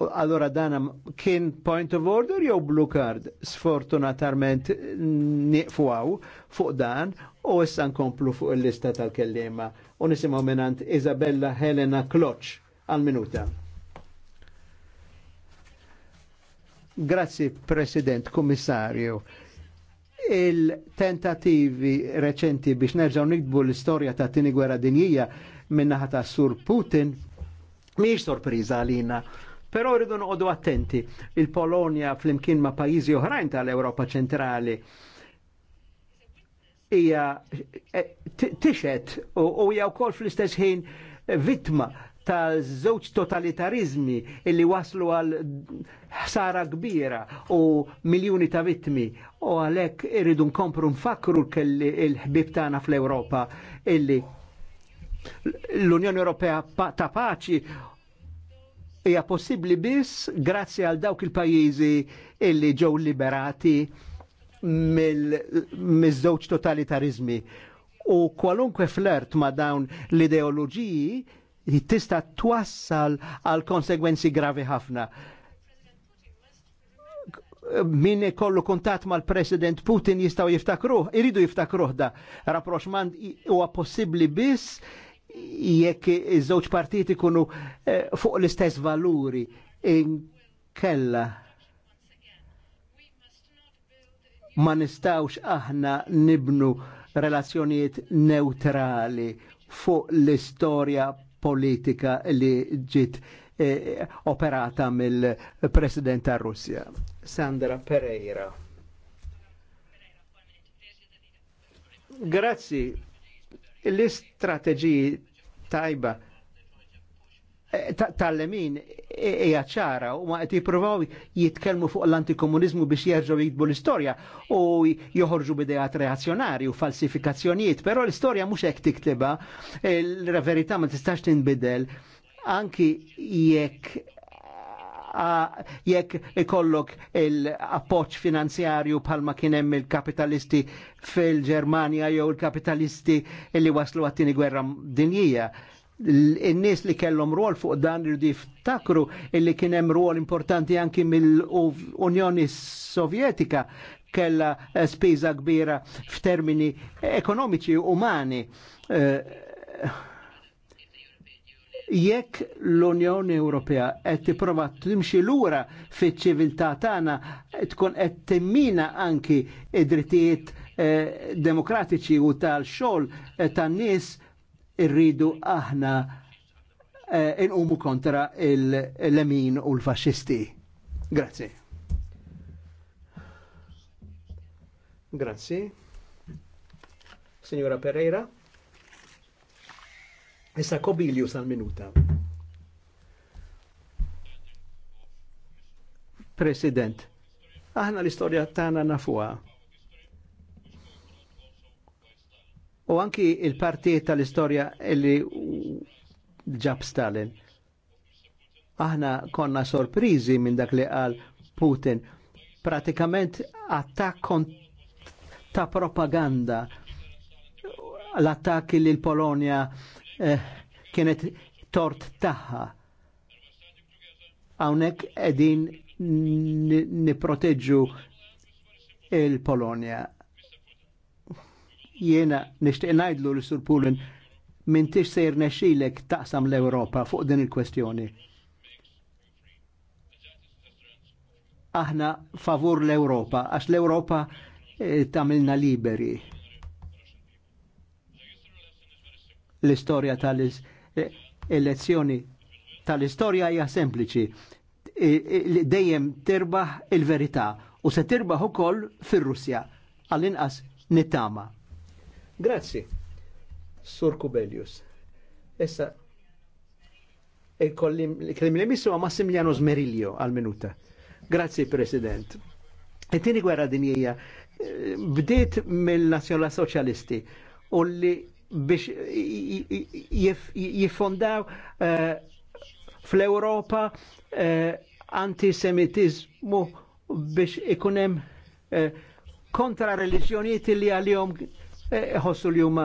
Allora dana kien point of order jew blue card? Sfortunatament niqfuaw fuq dan u issa nkomplu fuq il-lista tal-kellima u nisimgħu minant Isabella Helena Kloċ għal-minuta. Grazzi, President, Kommissarju il-tentativi reċenti biex nerġaw nikbu l-istorja ta' tini gwerra dinjija minnaħa ta' Sur Putin miex sorpriza għalina. Pero rridu noqogħdu attenti. il fl flimkien ma' pajjiżi oħrajn tal europa ċentrali hija eh, tixet u hija wkoll fl-istess ħin vittma ta' żewġ totalitarizmi illi waslu għal ħsara kbira u miljuni ta' vittmi u għalhekk irridu nkompru nfakru il-ħbib tagħna fl-Ewropa illi l-Unjoni Ewropea ta' paċi hija possibbli biss grazzi għal dawk il-pajjiżi illi ġew liberati mill-żewġ totalitarizmi. U kwalunkwe flert ma' dawn l-ideoloġiji tista' twassal għal konsegwenzi gravi ħafna. Min kollu kuntat mal-President Putin jistaw jiftakruh, iridu jiftakruh da. Rapproxman huwa possibbli biss jekk iż-żewġ partiti ikunu eh, fuq l-istess valuri inkella ma nistawx aħna nibnu relazzjonijiet neutrali fuq l-istorja politika li ġit eh, operata mill-President ta' Russja. Sandra Pereira. Grazzi. L-istrateġiji tajba tal-lemin hija e-, ċara u ma qed jippruvaw jitkellmu fuq l-antikomunizmu biex jerġgħu jitbu l-istorja u joħorġu bidejat reazzjonari u falsifikazzjonijiet, però l-istorja mhux hekk tiktiba, l-verità ma tistax tinbidel anki jekk jekk ikollok il-appoċ finanzjarju bħalma kien hemm il-kapitalisti fil-Ġermanja jew il-kapitalisti li waslu għattini gwerra dinjija il nies li kellhom rol fuq dan irdu jiftakru illi kien hemm rol importanti anki mill-Unjoni Sovjetika kella eh, spiża kbira f'termini ekonomiċi umani. Eh, jekk l-Unjoni Ewropea qed tipprova timxi lura fiċ-ċiviltà tagħna tkun qed timmina anki id-drittijiet eh, demokratiċi u tal-xogħol tan-nies irridu aħna eh, inqumu kontra l-emin u l fasċisti Grazie. Grazie. Signora Pereira. Issa Kobilju sal-minuta. President, aħna l-istorja tana nafuħa. u anki il-partijiet tal-istorja li ġab Stalin. Aħna konna sorprizi minn dak li qal Putin. Pratikament attakk ta' propaganda l attak li l polonia eh, kienet tort taħħa. Hawnhekk qegħdin niproteġu il polonia Jiena nixtieq ngħidlu l sur Pulin m'intix se jirnexxilek taqsam l-Ewropa fuq din il-kwestjoni. Aħna favur l-Ewropa, għax l-Ewropa eh, tamilna liberi. L-istorja tal-elezzjoni eh, tal-istorja hija sempliċi. Eh, dejjem terbaħ il-verità u se terbaħ ukoll fir-Russja għall-inqas nittama. Grazzi, Sur Kubelius. Issa, e il-kellim li missu għa Massimiliano Smeriglio għal-minuta. Grazzi, President. E tieni gwerra dinjija eh, bdiet mill-Nazjonal Socialisti u li biex jiffondaw eh, fl-Europa eh, antisemitizmu biex ikunem kontra reliġjonijiet li għal-jom ħossu li huma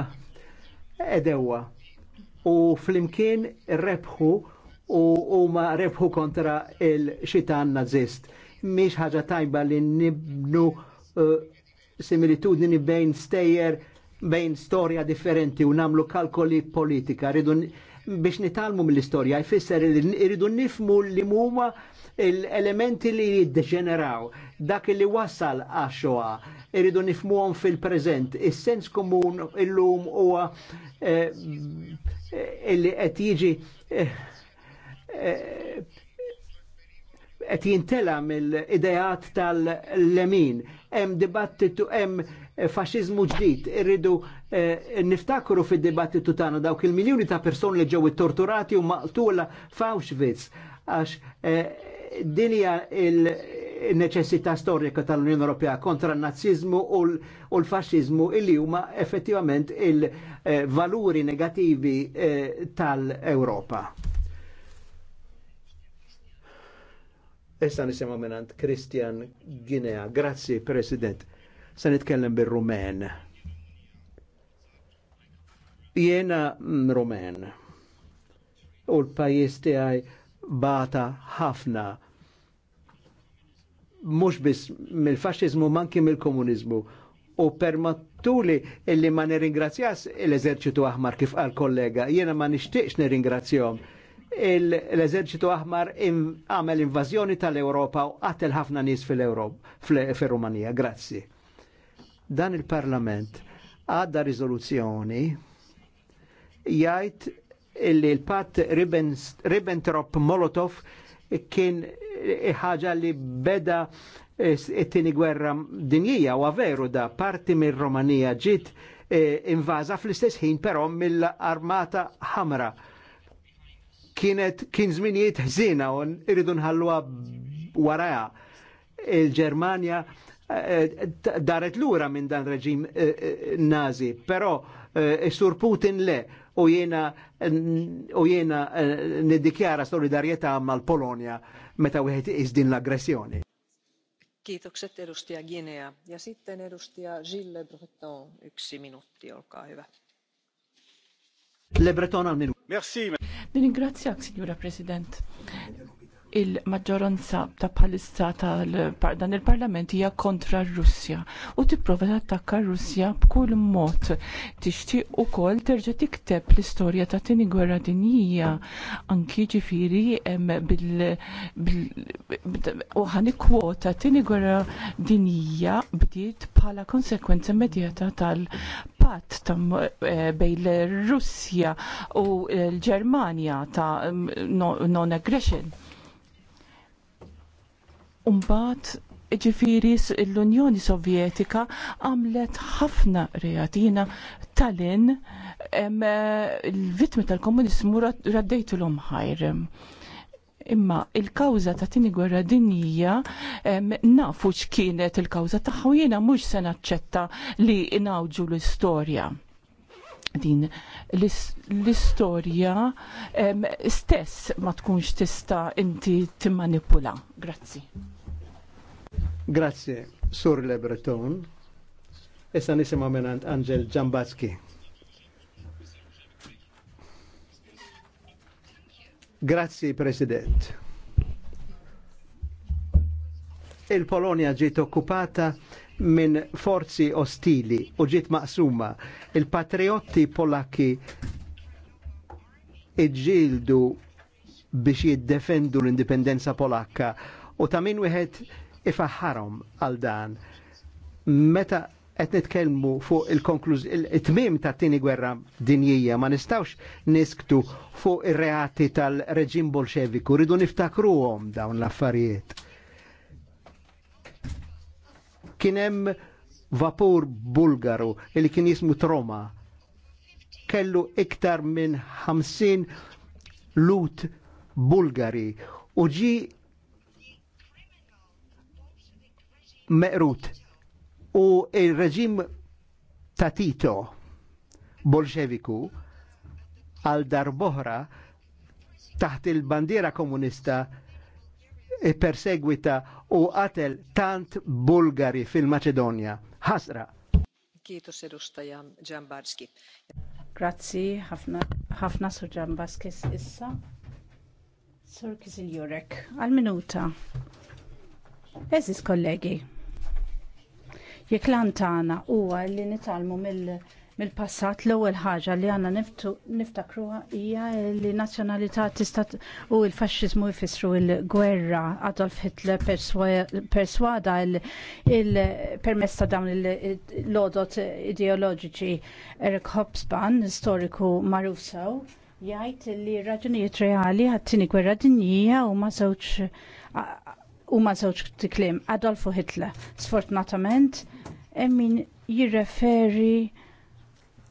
edewa. U flimkien rebħu u huma rebħu kontra il-xitan nazist. Miex ħaġa tajba li nibnu uh, similitudini bejn stejjer bejn storja differenti u namlu kalkoli politika. Ridu biex nitalmu mill-istorja jfisser li irridu nifmu li muma l-elementi li jiddeġeneraw, dak li wassal għaxoa, irridu għom fil-preżent, is-sens komun illum huwa eh, eh, illi qed jiġi eh, qed jintela mill-ideat tal-lemin, hemm dibattitu hemm faxiżmu ġdid, irridu Eh, niftakru fid-dibattitu tagħna dawk il-miljuni ta' persuni li ġew torturati u maqtula f'Auschwitz għax eh, din hija il-neċessità storika tal-Unjoni Ewropea kontra n-nazzizmu u l-faxxiżmu illi huma effettivament il-valuri negativi eh, tal-Ewropa. Issa nisimgħu minant Christian Ginea. Grazzi, President. Se nitkellem bir-Rumen Jena Rumen u l-pajis tijaj bata ħafna mhux biss mill fasċizmu manki mill-komuniżmu u permattuli illi ma neringrazzjas l-eżerċitu aħmar kif għal kollega jiena ma nishtiqx neringrazzjom l-eżerċitu aħmar għamel invażjoni tal-Ewropa u qatel ħafna nies fil-Europa fil-Rumanija. Grazzi. Dan il-Parlament għadda riżoluzzjoni jajt illi l-pat Ribbentrop-Molotov kien ħaġa li beda it-tini gwerra dinjija u għaveru da parti mir romanija ġit eh, invaza fl-istess ħin però mill-armata ħamra. Kienet kien żminijiet ħżina u irridu nħalluha waraja. Il-Ġermanja eh, eh, daret lura minn dan reġim nazi, però Eh, e Sur Putin le u jena u jena eh, nidikjara solidarjetà mal polonia meta wieħed iżdin l-aggressjoni. Kiitokset edustaja Ginea. Ja sitten edustaja Gilles Breton, yksi minuutti, olkaa hyvä. Le Breton al minuutti. Merci. Ringrazzjak, signora President il-maġġoranza ta' palissa tal dan il-parlament hija kontra r-Russja u tipprova tattakka r-Russja b'kull mod tixtieq ukoll terġa' tikteb l-istorja ta' tieni gwerra dinjija anki ġifieri bil u kwota tieni gwerra dinjija bdiet bħala konsekwenza immedjata tal patt ta' e, bejn Russja u l-Ġermanja ta' non-aggression Umbat ġifiri l-Unjoni Sovjetika għamlet ħafna reatina tal-in l-vitmi tal-komunismu raddejtu l-om ħajr. Imma il-kawza ta' tini gwerra dinija nafu x'kienet il-kawza ta' jiena mhux se naċċetta li inawġu l-istorja din l-istorja stess ma tkunx tista' inti timmanipula. Grazzi. Grazie, Sur Le Breton. Issa nisema menant Angel Ġambatski. Grazie, President. Il-Polonia ġiet okkupata minn forzi ostili u ġiet maqsuma. Il-patriotti polakki iġġieldu biex jiddefendu l-indipendenza polakka u ta' min wieħed ifaħħarhom għal dan. Meta qed nitkellmu fuq il-tmim konkluż tmiem ta' tini gwerra dinjija ma nistawx nisktu fuq ir-reati tal-reġim bolxeviku, ridu niftakruhom dawn l-affarijiet. Kien hemm vapur bulgaru li kien jismu Troma kellu iktar minn 50 lut bulgari u ġi meqrut u il-reġim ta' Tito bolxeviku għal darboħra taħt il-bandiera komunista perseguita u għatel tant Bulgari fil macedonia Ħasra. Kietus jam Ġambarski. Grazzi, ħafna su ġambarski issa. Sur Kisiljurek, għal-minuta. Eżis kollegi, Jekk lan tagħna huwa li nitalmu mill passat l-ewwel ħaġa li għandna niftakruha hija li nazzjonalità tista' u l-faxxiżmu jfissru l-gwerra Adolf Hitler perswada il-permess ta' dawn il-lodot ideoloġiċi Eric Hobsbawm, storiku magħruf sew, jgħid li r raġunijiet reali għat-tieni gwerra dinjija huma żewġ ma żewġ tikliem Adolfo Hitler. Sfortunatament, min jirreferi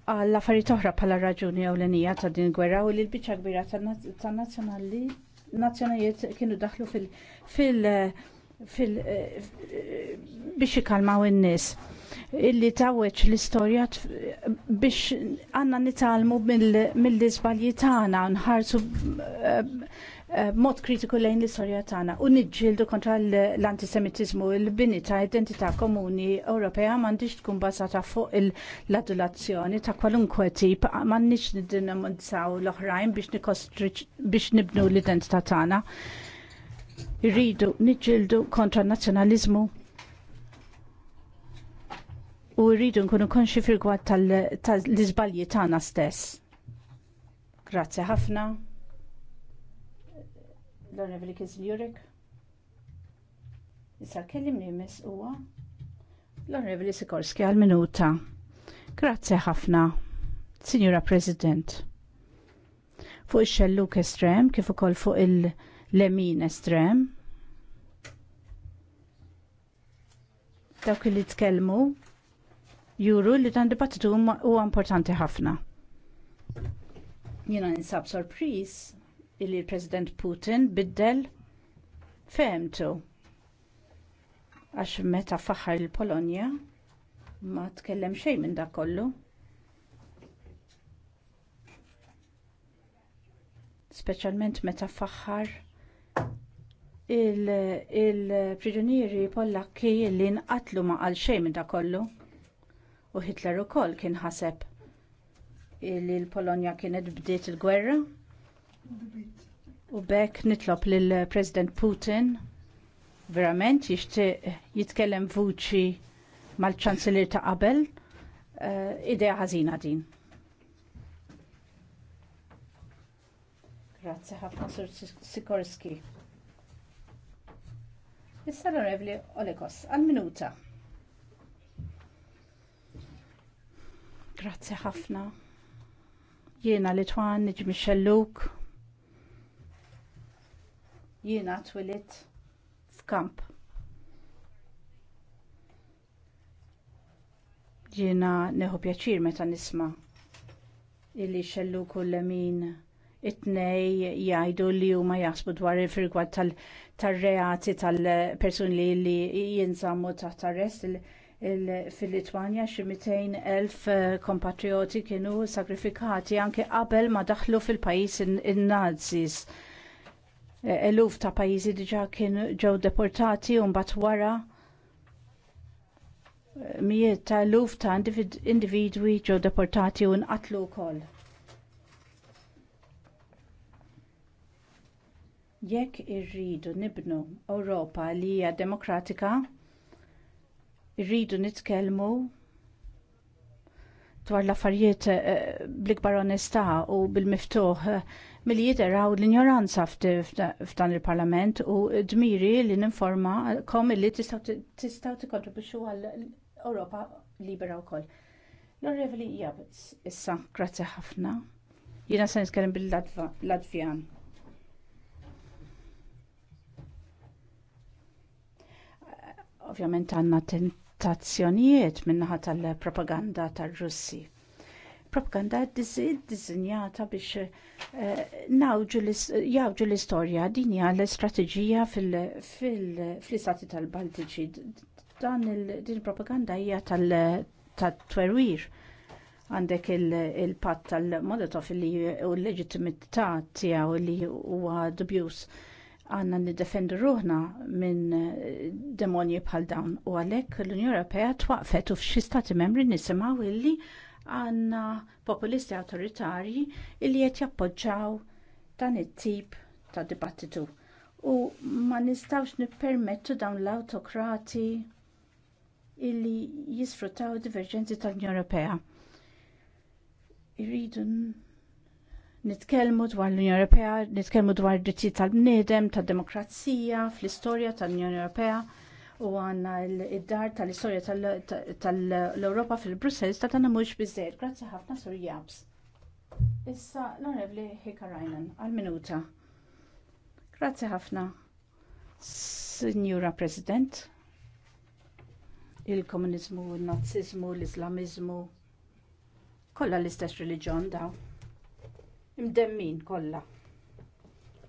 għall affarijiet oħra bħala raġuni ewlenija ta' din gwerra u li l-biċċa kbira ta' nazzjonali nazzjonijiet kienu daħlu fil- fil- fil eh, biex ikalmaw in-nies illi tawweċ l-istorja biex għanna nitalmu mill-izbalji tagħna nħarsu eh, Eh, mod kritiku lejn l-istorja tagħna u niġġieldu kontra l-antisemitiżmu il-bini ta' identità komuni Ewropea m'għandix tkun bażata fuq l-adulazzjoni ta' kwalunkwe tip m'għandniex niddinamonizzaw l-oħrajn biex biex nibnu l-identità tagħna. Irridu niġġieldu kontra n-nazzjonaliżmu u rridu nkunu konxi fil-gwad tal-izbalji tagħna stess. Grazzi ħafna l-Onorevoli Kizljurek. Issa kellim li jmiss huwa l-Onorevoli Sikorski għal-minuta. Grazzi ħafna, Signora President. Fuq ix-xelluk estrem kif ukoll fuq il-lemin estrem, dawk li tkellmu juru li dan dibattitu huwa importanti ħafna. Jiena ninsab sorpriż illi l-President Putin biddel fehmtu għax meta faħħar il-Polonja ma tkellem xejn minn dak kollu. Speċjalment meta faħħar il-priġunieri il Pollakki li nqatlu ma qal xejn minn dak kollu. U Hitler ukoll kien ħaseb li l-Polonja kienet bdiet il-gwerra U bekk nitlob lill-President Putin verament jixtieq jitkellem vuċi mal-ċanzelier ta' qabel uh, idea ħażina din. Grazzi ħafna Sur Sikorski. Issa l-Onorevli Olekos, għal-minuta. Grazzi ħafna. Jiena Litwan, Nġmi Xelluk, jiena twilit f'kamp. Jiena neħu pjaċir meta nisma illi xellu kull min it-nej jgħidu li huma jaħsbu dwar il-firgwad tal-reati tal-persuni li jinżammu taħt arrest fil-Litwanja xi 200,000 eh, kompatrioti kienu sagrifikati anke qabel ma daħlu fil-pajjiż in-Nazis. In Eh, eluf ta' pajjiżi diġà kienu ġew deportati u mbagħad wara eh, mijiet ta' eluf ta' individwi ġew deportati u nqatlu wkoll. Jekk irridu nibnu Ewropa li hija demokratika, irridu nitkellmu dwar l-affarijiet eh, bl-ikbar onestà u bil-miftuħ milli jiteraw l-ignoranza f'dan il-parlament u dmiri li n-informa kom li tistaw tikkontribuxu għal Europa libera u koll. L-orrevli jab, issa, grazie ħafna. Jina se nitkellem bil latvijan Ovvjament għanna tentazzjonijiet minnaħat tal-propaganda tal-Russi propaganda iddisinjata biex eh, jawġu l-istorja din hija l-istrateġija fl-istati tal-Baltiċi. Dan din propaganda hija tal-twerwir għandek il-patt tal-Molotov li u l-leġitimità tiegħu li huwa dubjus għanna niddefendu ruħna minn eh, demonji bħal dawn u għalek l-Unjoni Ewropea twaqfet u f'xi stati membri nisimgħu illi għanna populisti awtoritarji illi qed jappoġġaw dan it-tip ta' dibattitu. U ma nistawx nippermettu dawn l-autokrati illi jisfruttaw diverġenzi tal-Unjoni Ewropea. Irridu nitkellmu dwar l-Unjoni Ewropea, nitkellmu dwar d dritti tal-bniedem, tad-demokrazija, fl-istorja tal-Unjoni Ewropea u għanna id-dar tal-istoria tal-Europa fil-Brussels ta' tanna mux bizzer. Grazzi ħafna Sir jabs. Issa l-onrevli Hikarajnan għal-minuta. Grazzi ħafna, Signora President. Il-komunizmu, il-nazizmu, l-islamizmu, kolla l-istess religjon daw. Imdemmin kolla.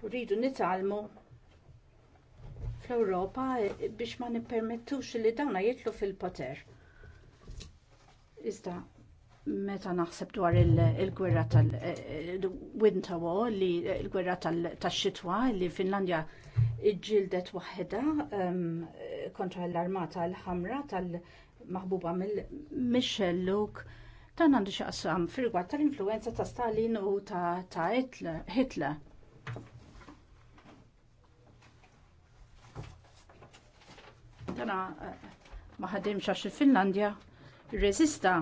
Rridu nitalmu fl-Ewropa eh, biex ma nippermettux li dawna jitlu fil-poter. Iżda, meta naħseb dwar il-gwerra tal-Winter eh, eh, War, li il-gwerra tal-xitwa li Finlandja iġġildet waħda ehm, kontra l-armata l-ħamra tal-maħbuba mill-Mixelluk, dan għandu xaqsam firgwa tal-influenza ta' Stalin u ta' Hitler. Dana eh, ma ħadimx għax il-Finlandja rreżista